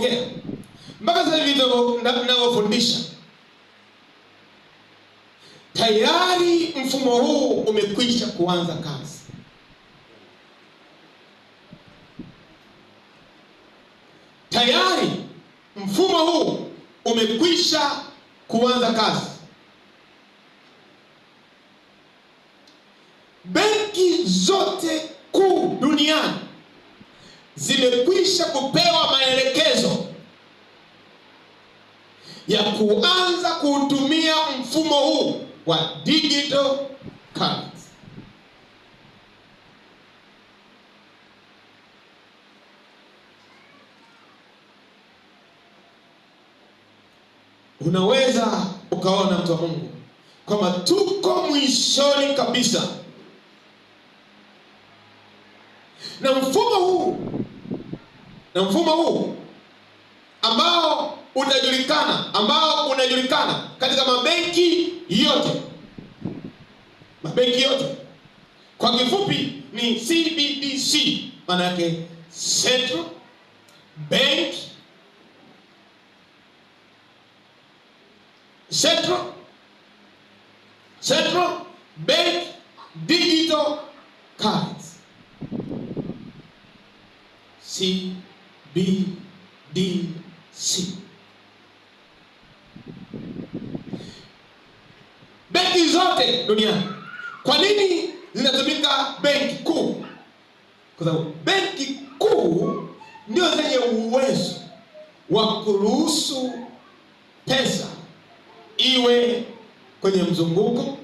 kuongea mpaka sasa hivi tayari mfumo huu umekwisha kuanza kazi. Tayari mfumo huu umekwisha kuanza kazi. Benki zote kuu duniani zimekwisha kupewa maelekezo ya kuanza kuutumia mfumo huu wa digital currency. Unaweza ukaona mtu wa Mungu kwamba tuko mwishoni kabisa na mfumo huu ambao unajulikana ambao unajulikana katika mabenki yote, mabenki yote kwa kifupi ni CBDC, maana yake Central Bank Central Central Bank Digital Cards. C pekee duniani. Kwa nini zinatumika benki kuu? Kwa sababu benki kuu ndio zenye uwezo wa kuruhusu pesa iwe kwenye mzunguko,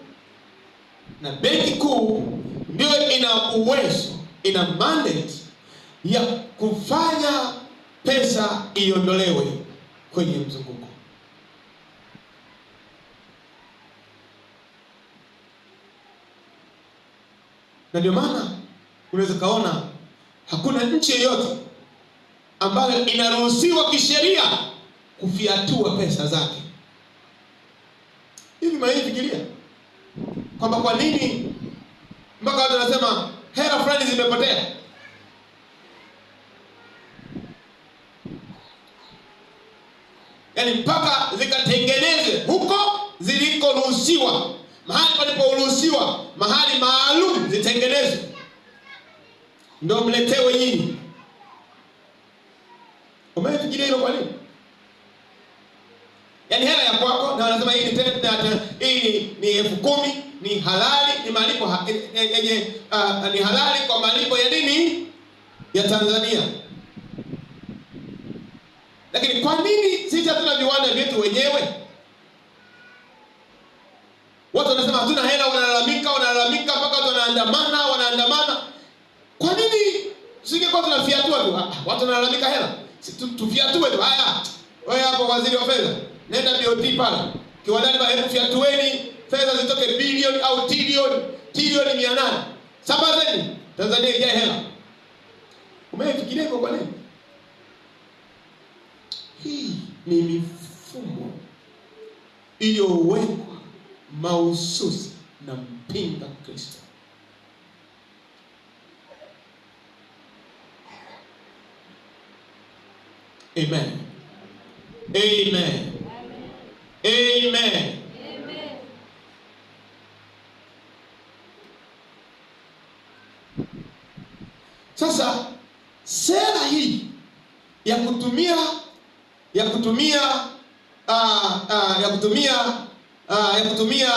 na benki kuu ndio ina uwezo, ina mandate ya kufanya pesa iondolewe kwenye mzunguko. Na ndio maana unaweza kaona hakuna nchi yoyote ambayo inaruhusiwa kisheria kufiatua pesa zake. Hivi maana fikiria kwamba kwa nini mpaka watu wanasema hela fulani zimepotea. Yaani mpaka zikatengeneze huko zilikoruhusiwa mahali paliporuhusiwa, mahali maalum zitengenezwe, ndo mletewe nyinyi. Umefikiria hilo kwa nini? Yaani hela ya kwako na wanasema hii ni hii ni elfu kumi ni halali, ni malipo eh, eh, yenye ah, ah, ni halali kwa malipo ya nini ya Tanzania. Lakini kwa nini sisi hatuna viwanda vyetu wenyewe? Watu wanasema hatuna hela, wanalalamika, wanalalamika mpaka watu wanaandamana, wanaandamana. Kwa nini tusingekuwa tunafiatua tu? Ah, ah, watu wanalalamika hela, si tufiatue tu? Haya, wewe hapo, waziri wa fedha, nenda BOT pale kiwandani, hebu fiatueni fedha zitoke bilioni au trilioni, trilioni mia nane sambazeni, Tanzania ijae hela. Umefikiria kwa nini? Hii ni mifumo iliyowekwa mahususi na mpinga Kristo. Amen. Amen. Amen. Sasa sera hii ya kutumia ya kutumia uh, uh, ya kutumia uh, ah, ya kutumia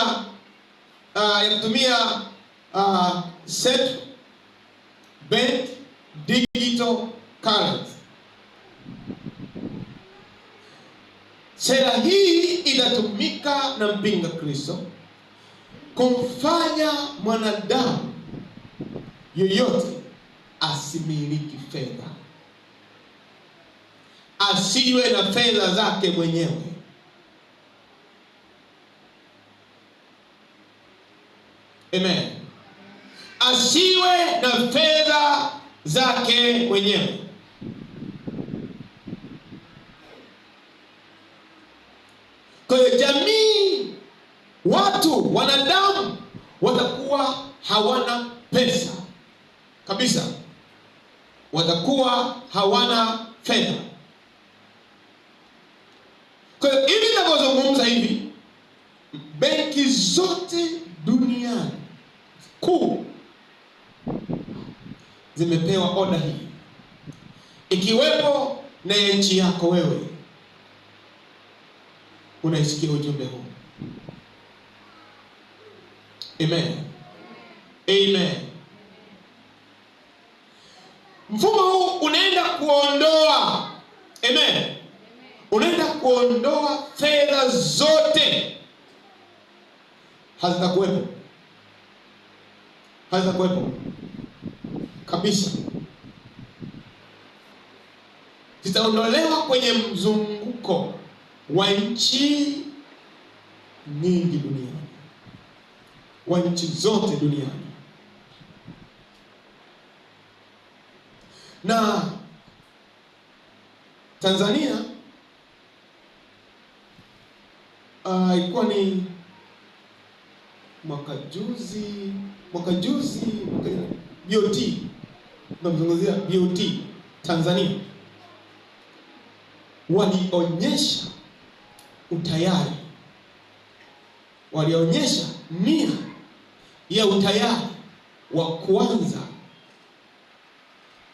uh, ah, ya kutumia uh, ah, set bent digital current. Sera hii inatumika na mpinga Kristo kumfanya mwanadamu yoyote asimiliki fedha, asiwe na fedha zake mwenyewe Amen. Asiwe na fedha zake mwenyewe. Kwa hiyo jamii, watu, wanadamu watakuwa hawana pesa kabisa, watakuwa hawana fedha. Kwa hiyo hivi inavyozungumza hivi, benki zote duniani kuu zimepewa oda hii, ikiwepo na ya nchi yako wewe. Unaisikia ujumbe huu? Amen. Amen. Mfumo huu unaenda kuondoa Amen. Unaenda kuondoa fedha zote hazitakuwepo Aweza kuwepo kabisa, zitaondolewa kwenye mzunguko wa nchi nyingi duniani, wa nchi zote duniani na Tanzania uh, ilikuwa uh, ni mwaka juzi mwaka juzi mwaka BOT tunamzungumzia BOT Tanzania walionyesha utayari, walionyesha nia ya utayari wa kuanza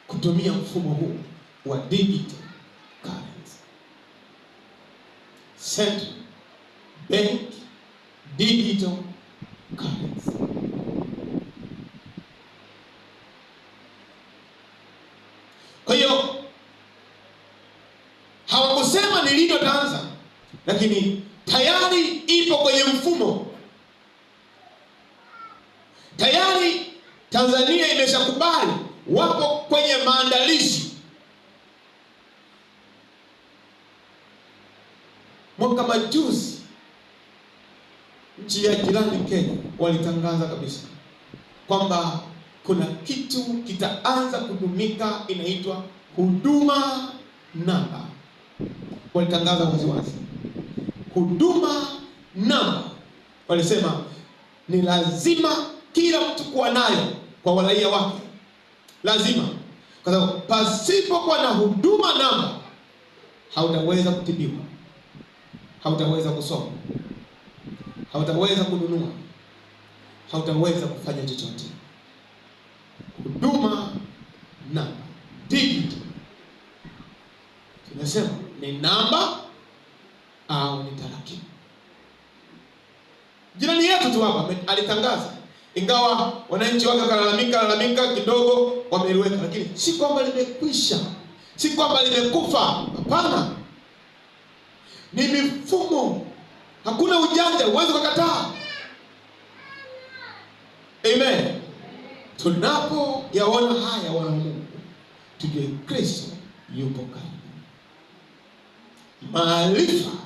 kutumia mfumo huu wa digital currency. Central Bank Digital hakusema ni lakini tayari ipo kwenye mfumo tayari. Tanzania imeshakubali, wapo kwenye maandalizi. Mwaka majuzi nchi ya jirani Kenya walitangaza kabisa kwamba kuna kitu kitaanza kutumika inaitwa huduma namba walitangaza waziwazi. Huduma namba walisema ni lazima kila mtu kuwa nayo kwa waraia wake, lazima, kwa sababu pasipokuwa na huduma namba hautaweza kutibiwa, hautaweza kusoma, hautaweza kununua, hautaweza kufanya chochote. Huduma namba, digit, tunasema ni namba au ah, ni tarakimu. Jirani yetu tu hapa alitangaza, ingawa wananchi wake wakalalamika lalamika kidogo, wameliweka lakini si kwamba limekwisha, si kwamba limekufa. Hapana, ni mifumo. Hakuna ujanja, uwezi kakataa Amen. yaona haya, wanamungu tujue Kristo yupo karibu. maarifa